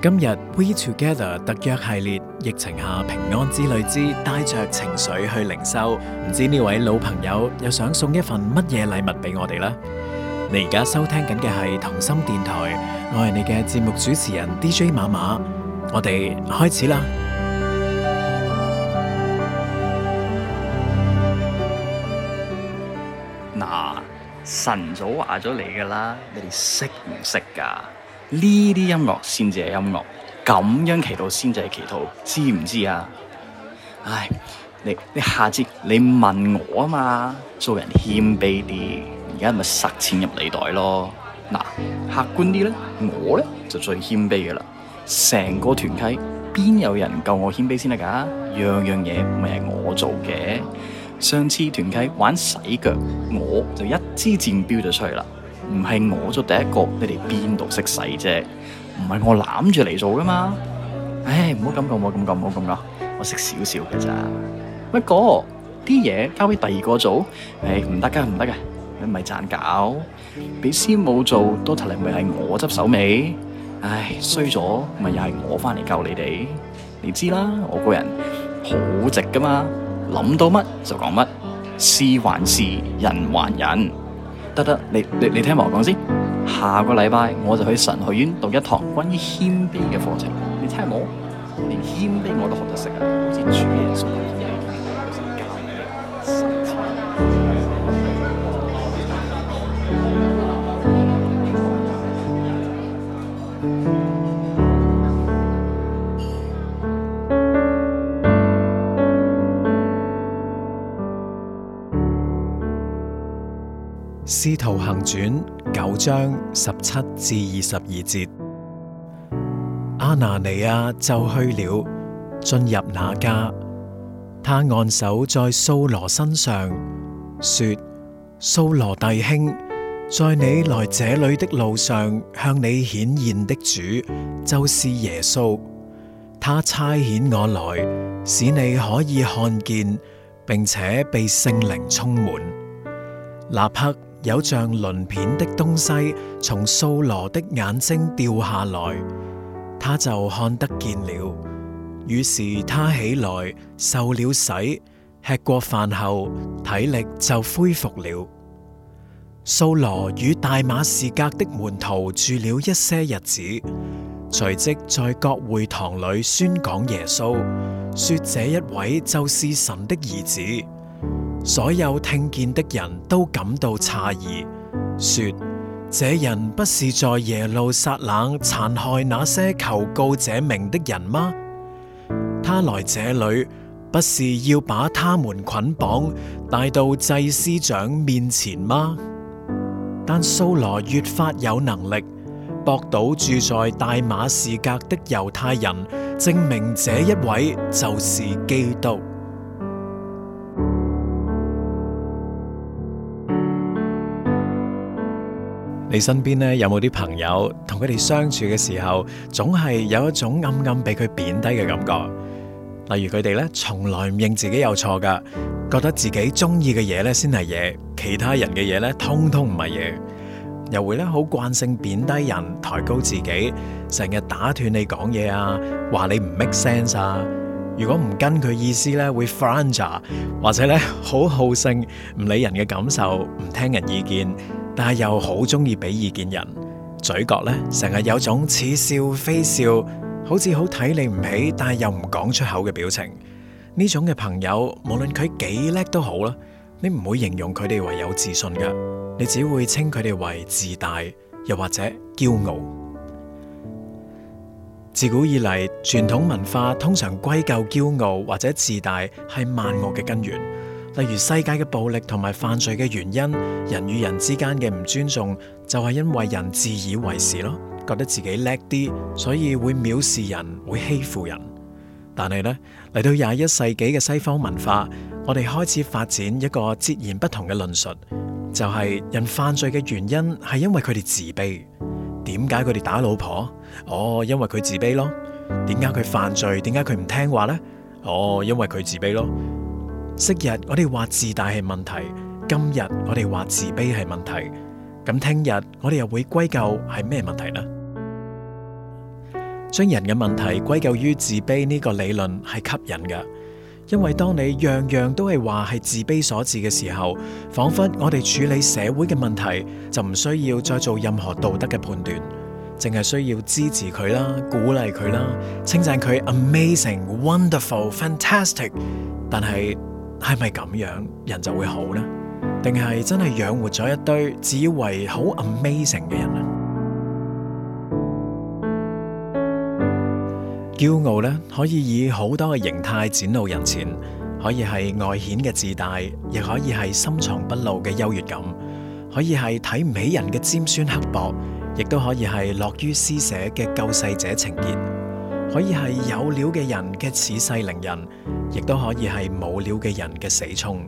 今日 We Together 特約系列，疫情下平安之旅之帶着情緒去靈修，唔知呢位老朋友又想送一份乜嘢禮物俾我哋呢？你而家收聽緊嘅係同心電台，我係你嘅節目主持人 DJ 馬馬，我哋開始啦。嗱、呃，晨早話咗你噶啦，你哋識唔識噶？呢啲音樂先至係音樂，咁樣祈禱先至係祈禱，知唔知啊？唉，你你下次你問我啊嘛，做人謙卑啲，而家咪塞錢入你袋咯。嗱，客觀啲咧，我咧就最謙卑噶啦，成個團契邊有人夠我謙卑先得噶？樣樣嘢咪係我做嘅，上次團契玩洗腳，我就一支箭標就出去啦。唔係我做第一個，你哋邊度識細啫？唔係我攬住嚟做噶嘛？唉，唔好咁講，唔好咁講，唔好咁講，我識少少嘅咋。不過啲嘢交俾第二個做，係唔得噶，唔得噶，你咪賺搞。俾師母做到頭嚟，咪係我執手尾。唉，衰咗，咪又係我翻嚟救你哋。你知啦，我個人好直噶嘛，諗到乜就講乜，事還事，人還人。得得，你你你聽我講先。下個禮拜我就去神學院讀一堂關於謙卑嘅課程。你聽我，連謙卑我都學得識啊，好似煮嘢做。章十七至二十二節，亞拿尼亞就去了，進入那家。他按手在掃羅身上，說：掃羅弟兄，在你來這裏的路上，向你顯現的主就是耶穌。他差遣我來，使你可以看見，並且被聖靈充滿。立刻。有像鱗片的東西從掃羅的眼睛掉下來，他就看得見了。於是他起來，受了洗，吃過飯後，體力就恢復了。掃羅與大馬士革的門徒住了一些日子，隨即在各會堂裏宣講耶穌，說：這一位就是神的兒子。所有聽見的人都感到詫異，說：這人不是在耶路撒冷殘害那些求告這名的人嗎？他來這裏不是要把他們捆綁帶到祭司長面前嗎？但掃羅越發有能力，駁倒住在大馬士革的猶太人，證明這一位就是基督。你身邊咧有冇啲朋友，同佢哋相處嘅時候，總係有一種暗暗俾佢貶低嘅感覺。例如佢哋咧，從來唔認自己有錯㗎，覺得自己中意嘅嘢咧先係嘢，其他人嘅嘢咧通通唔係嘢。又會咧好慣性貶低人，抬高自己，成日打斷你講嘢啊，話你唔 make sense 啊。如果唔跟佢意思咧，會 franja，或者咧好好勝，唔理人嘅感受，唔聽人意見。但係又好中意俾意見人，嘴角咧成日有種似笑非笑，好似好睇你唔起，但係又唔講出口嘅表情。呢種嘅朋友，無論佢幾叻都好啦，你唔會形容佢哋為有自信㗎，你只會稱佢哋為自大，又或者驕傲。自古以來，傳統文化通常歸咎驕傲或者自大係萬惡嘅根源。例如世界嘅暴力同埋犯罪嘅原因，人與人之間嘅唔尊重，就係因為人自以為是咯，覺得自己叻啲，所以會藐視人，會欺負人。但係咧，嚟到廿一世紀嘅西方文化，我哋開始發展一個截然不同嘅論述，就係人犯罪嘅原因係因為佢哋自卑。點解佢哋打老婆？哦，因為佢自卑咯。點解佢犯罪？點解佢唔聽話咧？哦，因為佢自卑咯。昔日我哋話自大係問題，今日我哋話自卑係問題，咁聽日我哋又會歸咎係咩問題呢？將人嘅問題歸咎於自卑呢個理論係吸引嘅，因為當你樣樣都係話係自卑所致嘅時候，仿佛我哋處理社會嘅問題就唔需要再做任何道德嘅判斷，淨係需要支持佢啦、鼓勵佢啦、稱讚佢 Amazing、Wonderful、Fantastic，但係。係咪咁樣人就會好呢？定係真係養活咗一堆自以為好 amazing 嘅人啊！驕傲呢，可以以好多嘅形態展露人前，可以係外顯嘅自大，亦可以係深藏不露嘅優越感，可以係睇唔起人嘅尖酸刻薄，亦都可以係樂於施捨嘅救世者情結。可以係有料嘅人嘅恃勢凌人，亦都可以係冇料嘅人嘅死沖。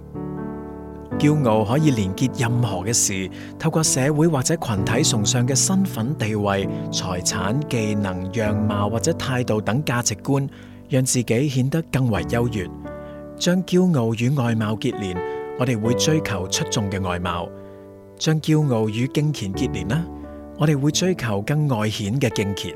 驕傲可以連結任何嘅事，透過社會或者群體崇尚嘅身份地位、財產、技能、樣貌或者態度等價值觀，讓自己顯得更為優越。將驕傲與外貌結連，我哋會追求出眾嘅外貌；將驕傲與敬虔結連啦，我哋會追求更外顯嘅敬虔。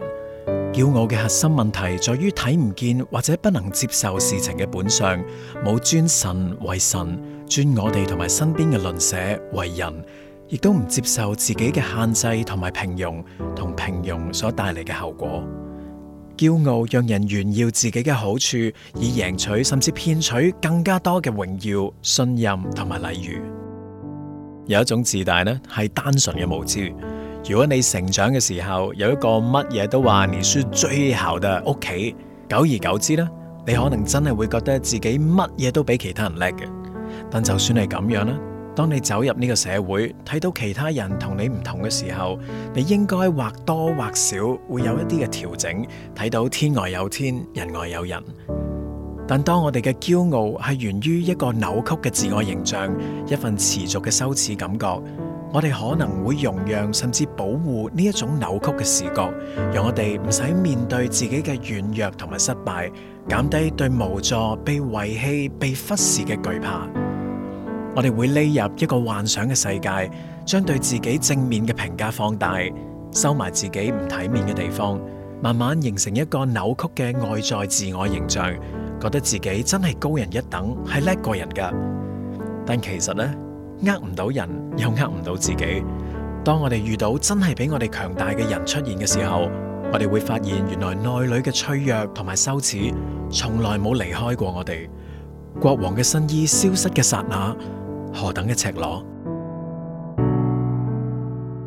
驕傲嘅核心問題在於睇唔見或者不能接受事情嘅本相，冇尊神為神，尊我哋同埋身邊嘅鄰舍為人，亦都唔接受自己嘅限制同埋平庸同平庸所帶嚟嘅後果。驕傲讓人炫耀自己嘅好處，以贏取甚至騙取更加多嘅榮耀、信任同埋禮遇。有一種自大咧，係單純嘅無知。如果你成長嘅時候有一個乜嘢都話你最姣嘅屋企，久而久之咧，你可能真係會覺得自己乜嘢都比其他人叻嘅。但就算係咁樣啦，當你走入呢個社會，睇到其他人同你唔同嘅時候，你應該或多或少會有一啲嘅調整，睇到天外有天，人外有人。但當我哋嘅驕傲係源於一個扭曲嘅自我形象，一份持續嘅羞恥感覺。我哋可能會容讓甚至保護呢一種扭曲嘅視覺，讓我哋唔使面對自己嘅軟弱同埋失敗，減低對無助、被遺棄、被忽視嘅懼怕。我哋會匿入一個幻想嘅世界，將對自己正面嘅評價放大，收埋自己唔體面嘅地方，慢慢形成一個扭曲嘅外在自我形象，覺得自己真係高人一等，係叻過人㗎。但其實呢。呃唔到人，又呃唔到自己。當我哋遇到真係比我哋強大嘅人出現嘅時候，我哋會發現原來內裏嘅脆弱同埋羞恥，從來冇離開過我哋。國王嘅新衣消失嘅剎那，何等嘅赤裸！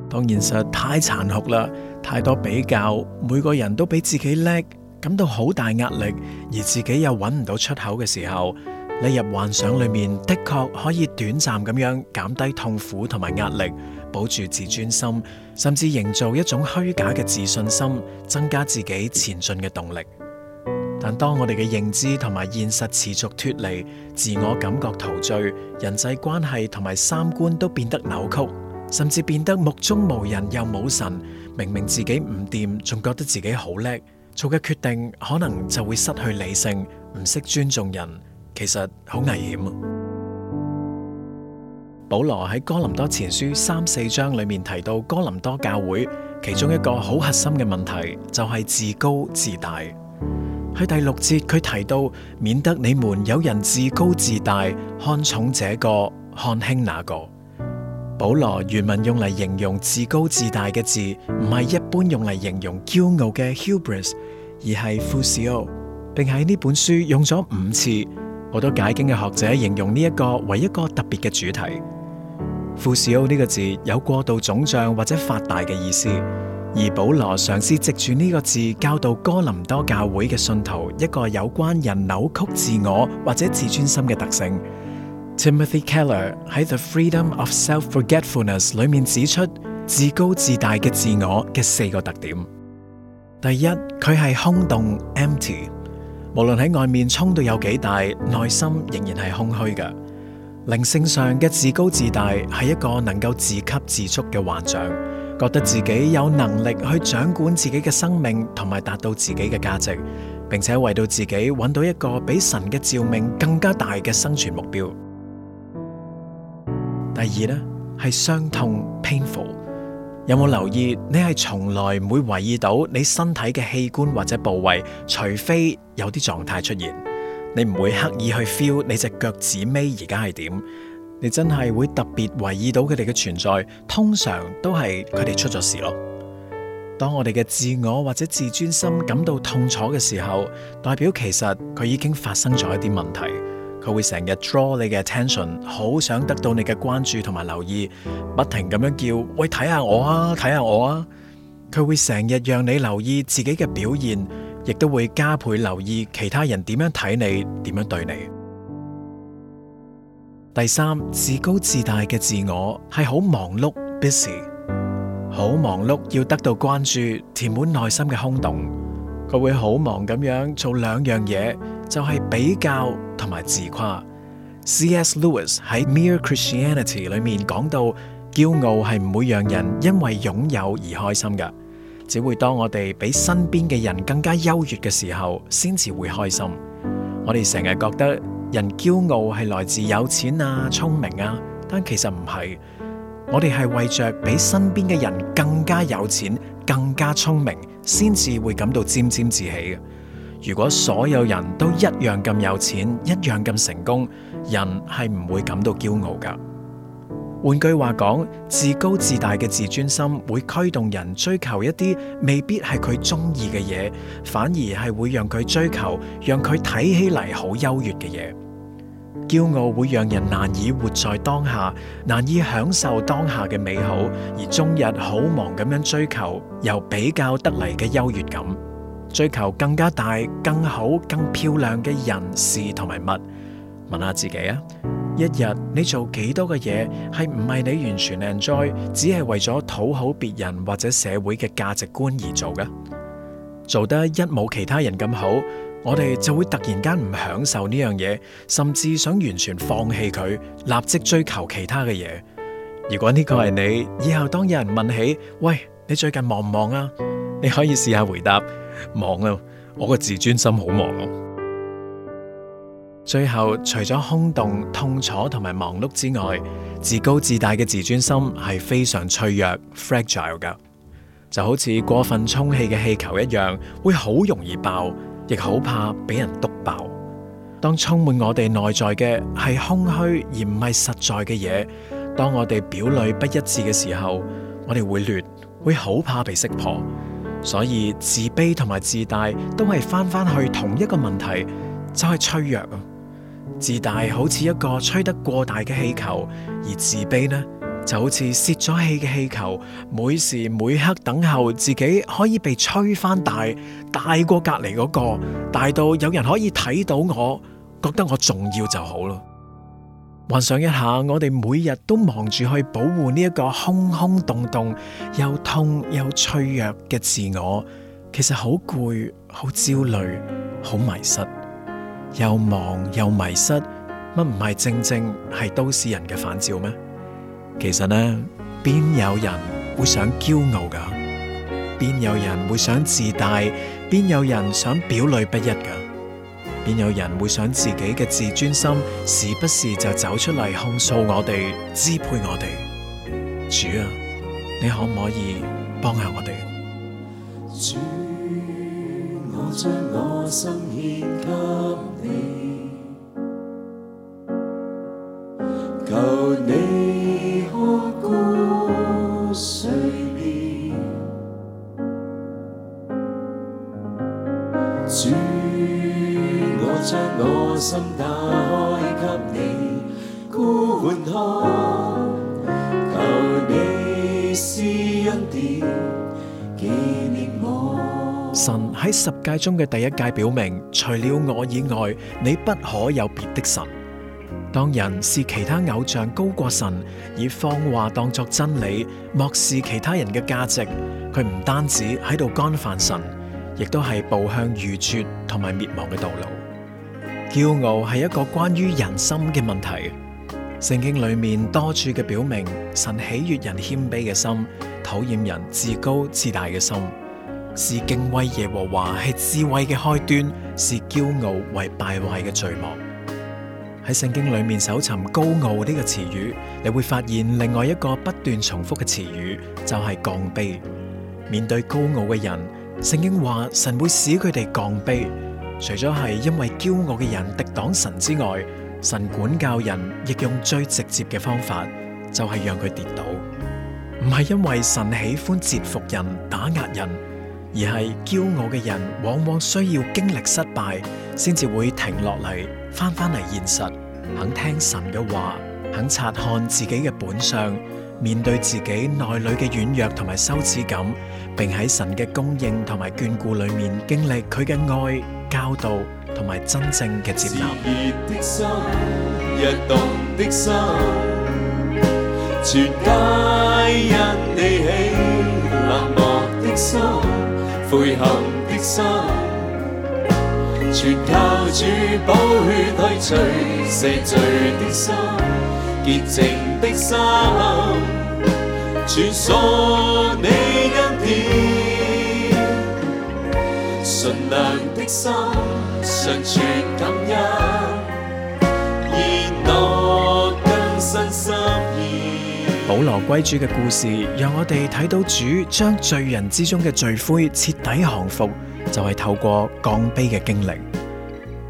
當現實太殘酷啦，太多比較，每個人都比自己叻，感到好大壓力，而自己又揾唔到出口嘅時候。你入幻想裏面，的確可以短暫咁樣減低痛苦同埋壓力，保住自尊心，甚至營造一種虛假嘅自信心，增加自己前進嘅動力。但當我哋嘅認知同埋現實持續脱離，自我感覺陶醉，人際關係同埋三觀都變得扭曲，甚至變得目中無人又冇神。明明自己唔掂，仲覺得自己好叻，做嘅決定可能就會失去理性，唔識尊重人。其實好危險啊！保羅喺哥林多前書三四章裏面提到哥林多教會其中一個好核心嘅問題就係自高自大。喺第六節佢提到，免得你們有人自高自大，看重這個看輕那個。保羅原文用嚟形容自高自大嘅字唔係一般用嚟形容驕傲嘅 hubris，而係 fusio，並喺呢本書用咗五次。好多解經嘅學者形容呢一個為一個特別嘅主題。富士歐呢個字有過度腫脹或者發大嘅意思，而保羅嘗試藉住呢個字，教導哥林多教會嘅信徒一個有關人扭曲自我或者自尊心嘅特性。Timothy Keller 喺《The Freedom of Self-Forgetfulness》裏面指出，自高自大嘅自我嘅四個特點：第一，佢係空洞 （empty）。Em 無論喺外面衝到有幾大，內心仍然係空虛嘅。靈性上嘅自高自大係一個能夠自給自足嘅幻象，覺得自己有能力去掌管自己嘅生命同埋達到自己嘅價值，並且為到自己揾到一個比神嘅召命更加大嘅生存目標。第二呢，係傷痛 （painful）。Pain 有冇留意？你係從來唔會為意到你身體嘅器官或者部位，除非有啲狀態出現，你唔會刻意去 feel 你隻腳趾尾而家係點。你真係會特別為意到佢哋嘅存在，通常都係佢哋出咗事咯。當我哋嘅自我或者自尊心感到痛楚嘅時候，代表其實佢已經發生咗一啲問題。佢會成日 draw 你嘅 attention，好想得到你嘅關注同埋留意，不停咁樣叫，喂，睇下我啊，睇下我啊！佢會成日讓你留意自己嘅表現，亦都會加倍留意其他人點樣睇你，點樣對你。第三，自高自大嘅自我係好忙碌，busy，好忙碌要得到關注，填滿內心嘅空洞。佢會好忙咁樣做兩樣嘢。就係比較同埋自誇。C.S. Lewis 喺《Mere Christianity》裏面講到，驕傲係唔會讓人因為擁有而開心嘅，只會當我哋比身邊嘅人更加優越嘅時候，先至會開心。我哋成日覺得人驕傲係來自有錢啊、聰明啊，但其實唔係。我哋係為着比身邊嘅人更加有錢、更加聰明，先至會感到沾沾自喜嘅。如果所有人都一樣咁有錢，一樣咁成功，人係唔會感到驕傲噶。換句話講，自高自大嘅自尊心會驅動人追求一啲未必係佢中意嘅嘢，反而係會讓佢追求，讓佢睇起嚟好優越嘅嘢。驕傲會讓人難以活在當下，難以享受當下嘅美好，而終日好忙咁樣追求，又比較得嚟嘅優越感。追求更加大、更好、更漂亮嘅人事同埋物，問下自己啊！一日你做幾多嘅嘢係唔係你完全 enjoy，只係為咗討好別人或者社會嘅價值觀而做嘅？做得一冇其他人咁好，我哋就會突然間唔享受呢樣嘢，甚至想完全放棄佢，立即追求其他嘅嘢。如果呢個係你，以後當有人問起，喂，你最近忙唔忙啊？你可以試下回答。忙啊！我個自尊心好忙啊！最後除咗空洞、痛楚同埋忙碌之外，自高自大嘅自尊心係非常脆弱 （fragile） 㗎，就好似過分充氣嘅氣球一樣，會好容易爆，亦好怕俾人篤爆。當充滿我哋內在嘅係空虛而唔係實在嘅嘢，當我哋表裏不一致嘅時候，我哋會亂，會好怕被識破。所以自卑同埋自大都係翻翻去同一個問題，就係、是、脆弱啊！自大好似一個吹得過大嘅氣球，而自卑呢就好似泄咗氣嘅氣球，每時每刻等候自己可以被吹翻大，大過隔籬嗰個，大到有人可以睇到我，覺得我重要就好咯。幻想一下，我哋每日都忙住去保護呢一個空空洞洞、又痛又脆弱嘅自我，其實好攰、好焦慮、好迷失，又忙又迷失，乜唔係正正係都市人嘅反照咩？其實呢，邊有人會想驕傲㗎？邊有人會想自大？邊有人想表裏不一㗎？便有人會想自己嘅自尊心，時不時就走出嚟，控訴我哋、支配我哋。主啊，你可唔可以幫下我哋？主，我將我神喺十誡中嘅第一誡表明，除了我以外，你不可有別的神。當人視其他偶像高過神，以謊話當作真理，漠視其他人嘅價值，佢唔單止喺度干犯神，亦都係步向愚拙同埋滅亡嘅道路。驕傲係一個關於人心嘅問題。聖經裏面多處嘅表明，神喜悦人謙卑嘅心，討厭人自高自大嘅心。視敬畏耶和華係智慧嘅開端，視驕傲為敗壞嘅罪惡。喺聖經裏面搜尋高傲呢個詞語，你會發現另外一個不斷重複嘅詞語就係、是、降卑。面對高傲嘅人，聖經話神會使佢哋降卑。除咗係因為驕傲嘅人敵擋神之外，神管教人亦用最直接嘅方法，就係、是、讓佢跌倒。唔係因為神喜歡折服人、打壓人，而係驕傲嘅人往往需要經歷失敗，先至會停落嚟，返返嚟現實，肯聽神嘅話，肯察看自己嘅本相。面對自己內裏嘅軟弱同埋羞恥感，並喺神嘅供應同埋眷顧裏面經歷佢嘅愛、教導同埋真正嘅接納。純良的心，常存感恩。保羅歸主嘅故事，讓我哋睇到主將罪人之中嘅罪魁徹底降服，就係、是、透過降卑嘅經歷。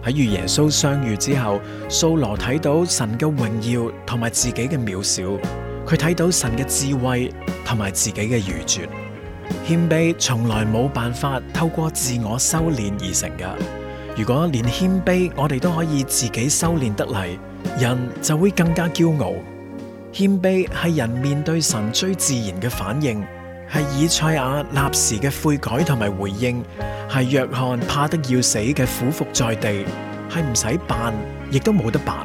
喺與耶穌相遇之後，掃羅睇到神嘅榮耀同埋自己嘅渺小，佢睇到神嘅智慧同埋自己嘅愚拙。謙卑從來冇辦法透過自我修煉而成噶。如果連謙卑我哋都可以自己修煉得嚟，人就會更加驕傲。謙卑係人面對神最自然嘅反應。係以賽亞立時嘅悔改同埋回應，係約翰怕得要死嘅俯伏在地，係唔使扮，亦都冇得扮。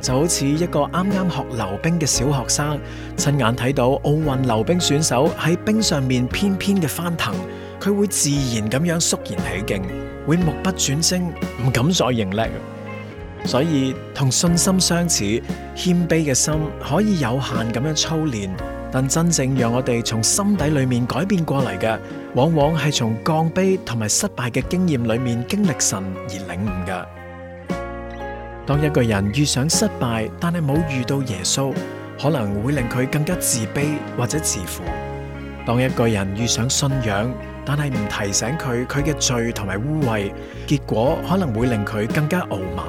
就好似一個啱啱學溜冰嘅小學生，親眼睇到奧運溜冰選手喺冰上面翩翩嘅翻騰，佢會自然咁樣肅然起敬，會目不轉睛，唔敢再認叻。所以同信心相似，謙卑嘅心可以有限咁樣操練。但真正讓我哋從心底裏面改變過嚟嘅，往往係從降卑同埋失敗嘅經驗裏面經歷神而領悟嘅。當一個人遇上失敗，但係冇遇到耶穌，可能會令佢更加自卑或者自負。當一個人遇上信仰，但係唔提醒佢佢嘅罪同埋污穢，結果可能會令佢更加傲慢。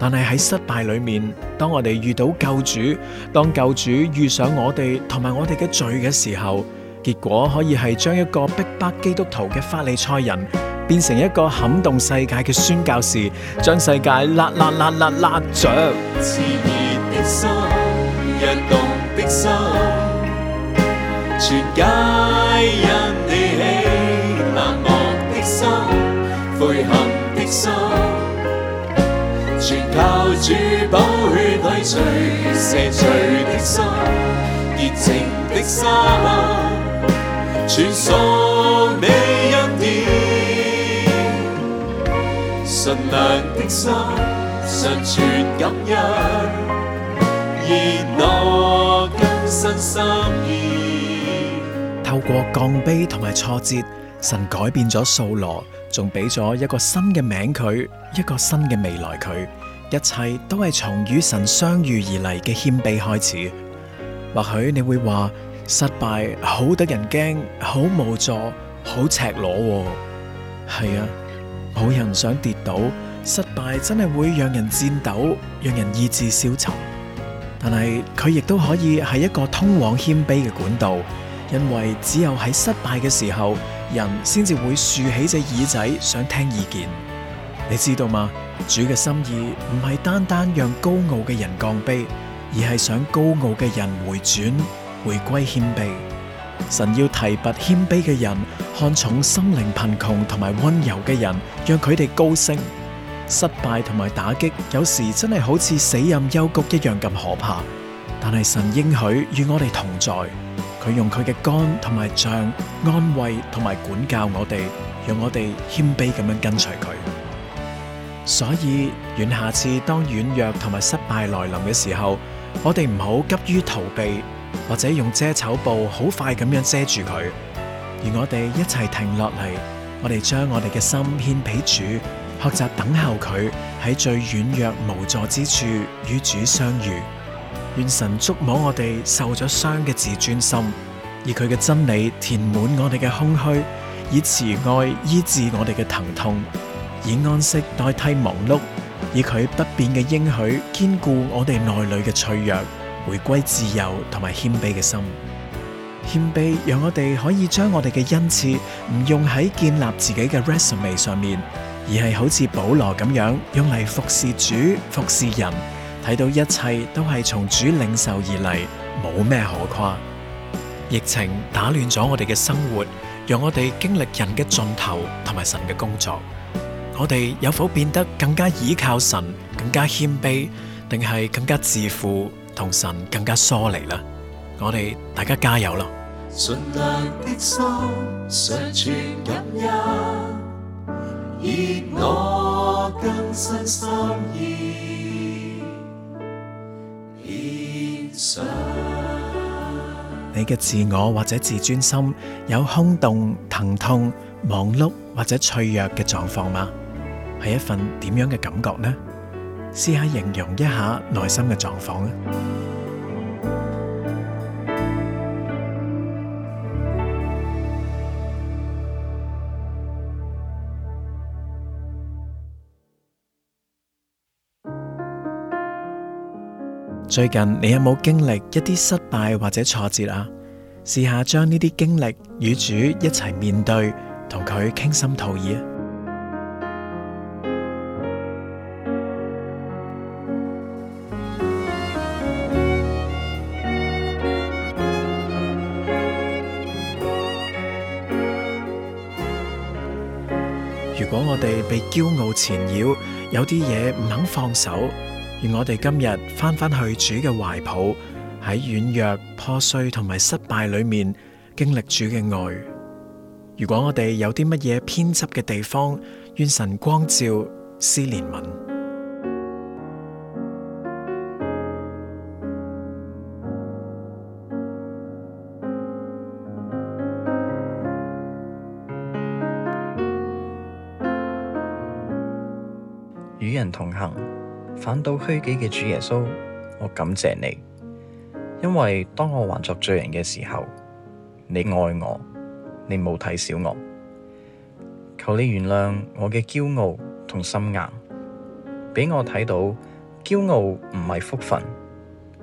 但係喺失敗裏面，當我哋遇到救主，當救主遇上我哋同埋我哋嘅罪嘅時候，結果可以係將一個逼迫基督徒嘅法利賽人，變成一個撼動世界嘅宣教士，將世界拉拉拉拉拉著。全靠主寶血去除赦罪的心，潔淨的心，全屬祢恩典。純良的心，常存感恩，現我更新心意。透過降卑同埋挫折。神改變咗掃羅，仲俾咗一個新嘅名佢，一個新嘅未來佢，一切都係從與神相遇而嚟嘅謙卑開始。或許你會話失敗好得人驚，好無助，好赤裸喎。係啊，冇人想跌倒，失敗真係會讓人顫抖，讓人意志消沉。但係佢亦都可以係一個通往謙卑嘅管道，因為只有喺失敗嘅時候。人先至會豎起隻耳仔想聽意見，你知道嗎？主嘅心意唔係單單讓高傲嘅人降卑，而係想高傲嘅人回轉，回歸謙卑。神要提拔謙卑嘅人，看重心靈貧窮同埋温柔嘅人，讓佢哋高升。失敗同埋打擊有時真係好似死蔭幽谷一樣咁可怕，但係神應許與我哋同在。佢用佢嘅竿同埋杖安慰同埋管教我哋，讓我哋謙卑咁樣跟隨佢。所以，願下次當軟弱同埋失敗來臨嘅時候，我哋唔好急於逃避，或者用遮醜布好快咁樣遮住佢。而我哋一齊停落嚟，我哋將我哋嘅心獻俾主，學習等候佢喺最軟弱無助之處與主相遇。願神觸摸我哋受咗傷嘅自尊心，以佢嘅真理填滿我哋嘅空虛，以慈愛醫治我哋嘅疼痛，以安息代替忙碌，以佢不變嘅應許堅固我哋內裏嘅脆弱，回歸自由同埋謙卑嘅心。謙卑讓我哋可以將我哋嘅恩賜唔用喺建立自己嘅 resume 上面，而係好似保羅咁樣用嚟，服侍主、服侍人。睇到一切都係從主領受而嚟，冇咩可誇。疫情打亂咗我哋嘅生活，讓我哋經歷人嘅盡頭同埋神嘅工作。我哋有否變得更加倚靠神，更加謙卑，定係更加自負同神更加疏離呢？我哋大家加油咯！順你嘅自我或者自尊心有空洞、疼痛、忙碌或者脆弱嘅狀況嗎？係一份點樣嘅感覺呢？試下形容一下內心嘅狀況啊！最近你有冇經歷一啲失敗或者挫折啊？試下將呢啲經歷與主一齊面對，同佢傾心吐意。如果我哋被驕傲纏繞，有啲嘢唔肯放手。而我哋今日翻返去主嘅懷抱，喺軟弱、破碎同埋失敗裏面經歷主嘅愛。如果我哋有啲乜嘢偏執嘅地方，願神光照思文、施憐憫。與人同行。反倒虛己嘅主耶穌，我感謝你，因為當我還作罪人嘅時候，你愛我，你冇睇小我，求你原諒我嘅驕傲同心硬，俾我睇到驕傲唔係福分，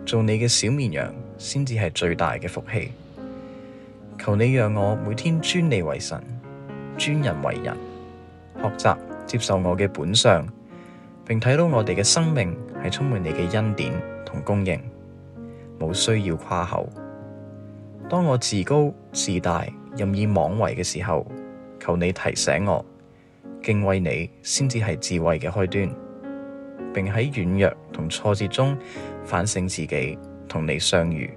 做你嘅小綿羊先至係最大嘅福氣。求你讓我每天尊你為神，尊人為人，學習接受我嘅本相。並睇到我哋嘅生命係充滿你嘅恩典同供應，冇需要誇口。當我自高自大、任意妄為嘅時候，求你提醒我，敬畏你先至係智慧嘅開端，並喺軟弱同挫折中反省自己，同你相遇。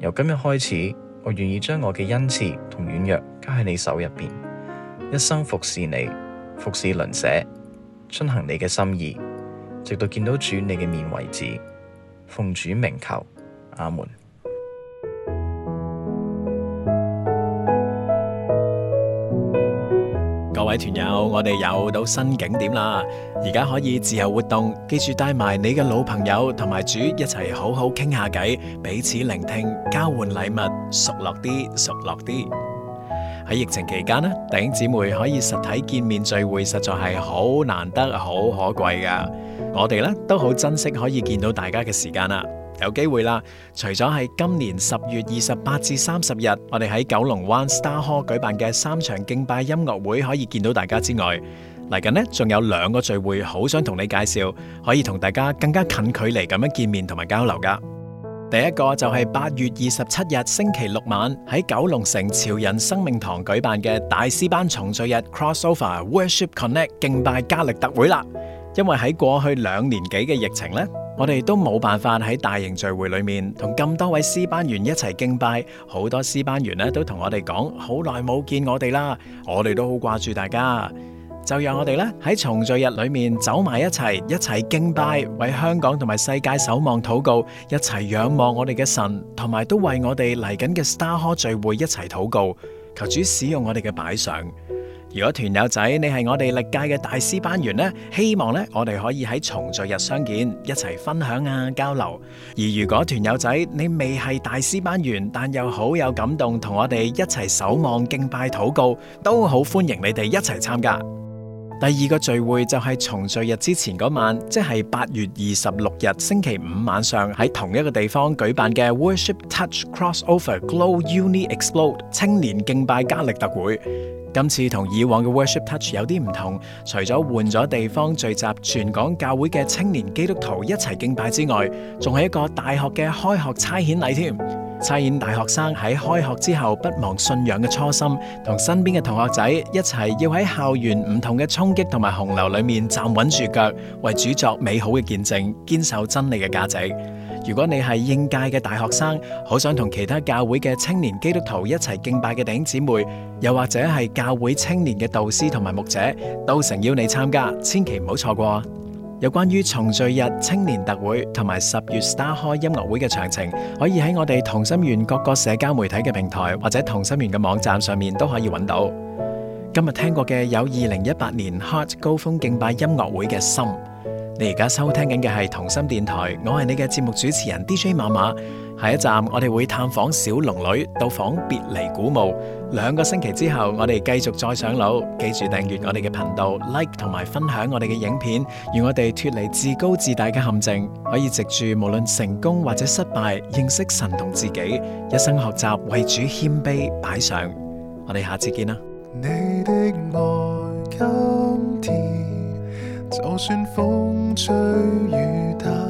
由今日開始，我願意將我嘅恩賜同軟弱交喺你手入邊，一生服侍你，服侍鄰舍。遵行你嘅心意，直到見到主你嘅面為止，奉主名求，阿門。各位團友，我哋又到新景點啦，而家可以自由活動，記住帶埋你嘅老朋友同埋主一齊好好傾下偈，彼此聆聽，交換禮物，熟落啲，熟落啲。喺疫情期間呢，弟兄姊妹可以實體見面聚會，實在係好難得，好可貴噶。我哋呢都好珍惜可以見到大家嘅時間啦。有機會啦，除咗係今年十月二十八至三十日，我哋喺九龍灣 Star Hall 舉辦嘅三場敬拜音樂會可以見到大家之外，嚟緊呢仲有兩個聚會，好想同你介紹，可以同大家更加近距離咁樣見面同埋交流噶。第一個就係八月二十七日星期六晚喺九龍城潮人生命堂舉辦嘅大詩班重聚日 CrossOver Worship Connect 敬拜加力特會啦。因為喺過去兩年幾嘅疫情呢，我哋都冇辦法喺大型聚會裏面同咁多位詩班員一齊敬拜。好多詩班員呢都同我哋講，好耐冇見我哋啦，我哋都好掛住大家。就讓我哋咧喺重聚日裏面走埋一齊，一齊敬拜，為香港同埋世界守望禱告，一齊仰望我哋嘅神，同埋都為我哋嚟緊嘅 Star Hall 聚會一齊禱告，求主使用我哋嘅擺上。如果團友仔你係我哋歷屆嘅大師班員咧，希望咧我哋可以喺重聚日相見，一齊分享啊、交流。而如果團友仔你未係大師班員，但又好有感動，同我哋一齊守望敬拜禱告，都好歡迎你哋一齊參加。第二個聚會就係從聚日之前嗰晚，即係八月二十六日星期五晚上，喺同一個地方舉辦嘅 Worship Touch Crossover Glow Uni Explode 青年敬拜加力特會。今次同以往嘅 Worship Touch 有啲唔同，除咗換咗地方聚集全港教會嘅青年基督徒一齊敬拜之外，仲係一個大學嘅開學差遣禮添。差遣大學生喺開學之後不忘信仰嘅初心，同身邊嘅同學仔一齊要喺校園唔同嘅衝擊同埋洪流裏面站穩住腳，為主作美好嘅見證，堅守真理嘅價值。如果你係應屆嘅大學生，好想同其他教會嘅青年基督徒一齊敬拜嘅弟兄姊妹，又或者係教會青年嘅導師同埋牧者，都誠邀你參加，千祈唔好錯過。有關於重聚日青年特會同埋十月 Star 開音樂會嘅詳情，可以喺我哋同心圓各個社交媒體嘅平台或者同心圓嘅網站上面都可以揾到。今日聽過嘅有二零一八年 Hot 高峰敬拜音樂會嘅心，你而家收聽緊嘅係同心電台，我係你嘅節目主持人 DJ 馬馬。下一站，我哋會探訪小龍女，到訪別離古墓。兩個星期之後，我哋繼續再上樓。記住訂閱我哋嘅頻道，Like 同埋分享我哋嘅影片，讓我哋脫離自高自大嘅陷阱，可以藉住無論成功或者失敗，認識神同自己，一生學習為主謙卑擺上。我哋下次見啦。你的愛今天就算風吹雨打。